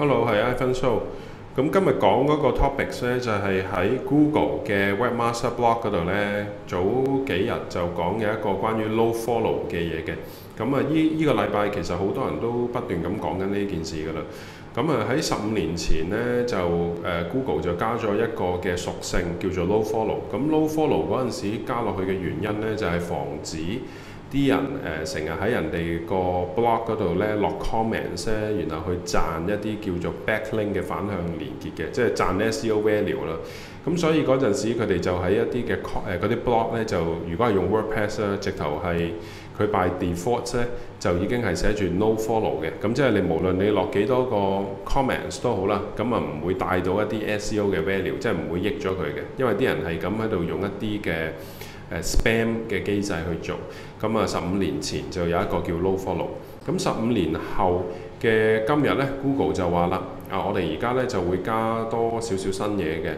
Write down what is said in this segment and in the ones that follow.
Hello，係 Ivan So。咁今日講嗰個 topic 咧，就係喺 Google 嘅 Webmaster Blog 嗰度咧，早幾日就講嘅一個關於 nofollow 嘅嘢嘅。咁啊，依依個禮拜其實好多人都不斷咁講緊呢件事噶啦。咁啊，喺十五年前咧，就誒 Google 就加咗一個嘅屬性叫做 nofollow。咁 nofollow 嗰陣時加落去嘅原因咧，就係防止啲人誒成日喺人哋個 blog 度咧落 comments 咧、啊，然後去賺一啲叫做 backlink 嘅反向連結嘅，即係賺 SEO value 啦。咁所以嗰陣時佢哋就喺一啲嘅誒啲、呃、blog 咧，就如果係用 WordPress 咧、啊，直頭係佢 by default 咧就已經係寫住 no follow 嘅。咁即係你無論你落幾多個 comments 都好啦，咁啊唔會帶到一啲 SEO 嘅 value，即係唔會益咗佢嘅，因為啲人係咁喺度用一啲嘅 spam 嘅機制去做，咁啊十五年前就有一個叫 low follow，咁十五年後嘅今日呢 Google 就話啦，啊我哋而家呢，就會加多少少新嘢嘅，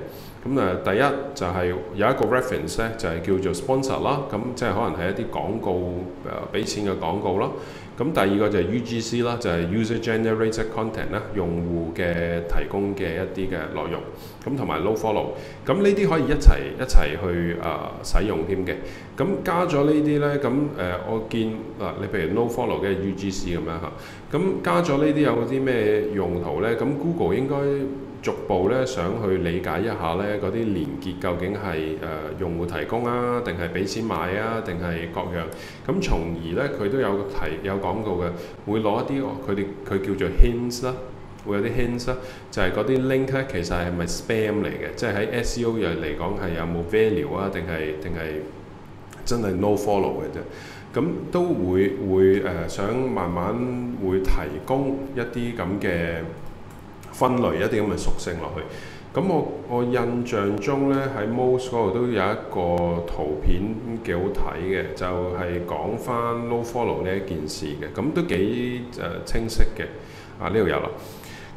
咁啊第一就係、是、有一個 reference 呢，就係叫做 sponsor 啦，咁即係可能係一啲廣告誒俾錢嘅廣告啦。咁第二個就係 UGC 啦，就係 user generated content 啦，用戶嘅提供嘅一啲嘅內容。咁同埋 no follow，咁呢啲可以一齊一齊去啊、呃、使用添嘅。咁加咗呢啲咧，咁、呃、誒我見嗱、呃，你譬如 no follow 嘅 UGC 咁樣嚇，咁、啊、加咗呢啲有啲咩用途咧？咁 Google 應該。逐步咧，想去理解一下咧嗰啲連結究竟係誒、呃、用戶提供啊，定係俾錢買啊，定係各樣。咁從而咧，佢都有提有講到嘅，會攞一啲佢哋佢叫做 hints 啦，會有啲 hints 啦，就係嗰啲 link 咧、啊，其實係咪 spam 嚟嘅？即係喺 SEO 又嚟講係有冇 value 啊？定係定係真係 no follow 嘅啫。咁都會會誒、呃、想慢慢會提供一啲咁嘅。分類一啲咁嘅屬性落去，咁我我印象中咧喺 Mose 嗰度都有一個圖片幾好睇嘅，就係、是、講翻 no follow 呢一件事嘅，咁都幾誒、呃、清晰嘅，啊呢度有啦，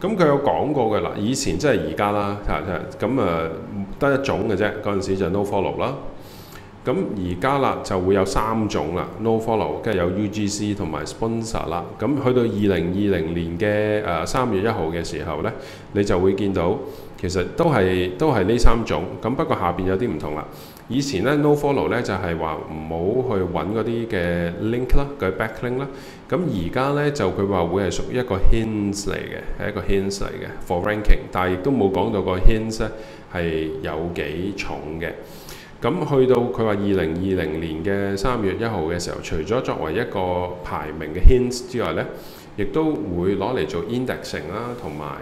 咁佢有講過嘅啦，以前即係而家啦，啊，咁誒得一種嘅啫，嗰陣時就 no follow 啦。咁而家啦就會有三種啦，no follow 跟住有 UGC 同埋 sponsor 啦。咁去到二零二零年嘅誒三月一號嘅時候呢，你就會見到其實都係都係呢三種。咁不過下邊有啲唔同啦。以前呢 no follow 咧就係話唔好去揾嗰啲嘅 link 啦，佢 back link 啦。咁而家呢，就佢、是、話會係屬於一個 hints 嚟嘅，係一個 hints 嚟嘅 for ranking，但係亦都冇講到個 hints 咧係有幾重嘅。咁去到佢話二零二零年嘅三月一號嘅時候，除咗作為一個排名嘅 hints 之外呢，亦都會攞嚟做 indexing 啦，同埋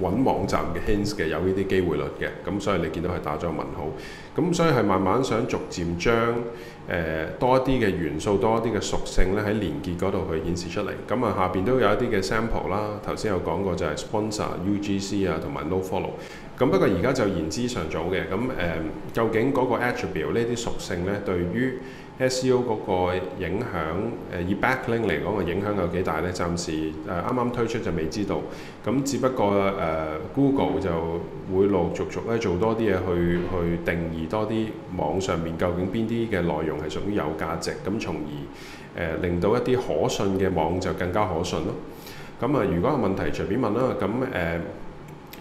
揾網站嘅 hints 嘅有呢啲機會率嘅，咁所以你見到係打咗個問號，咁所以係慢慢想逐漸將、呃、多啲嘅元素、多啲嘅屬性呢喺連結嗰度去顯示出嚟。咁啊下邊都有一啲嘅 sample 啦，頭先有講過就係 sponsor、UGC 啊同埋 no follow。咁不過而家就言之尚早嘅，咁誒、呃、究竟嗰個 attribute 屬呢啲屬性咧，對於 SEO 嗰個影響，誒、呃、以 backlink 嚟講嘅影響有幾大咧？暫時誒啱啱推出就未知道。咁只不過誒、呃、Google 就會陸陸續續咧做多啲嘢去去定義多啲網上面究竟邊啲嘅內容係屬於有價值，咁從而誒、呃、令到一啲可信嘅網就更加可信咯。咁啊、呃，如果有問題隨便問啦，咁誒。呃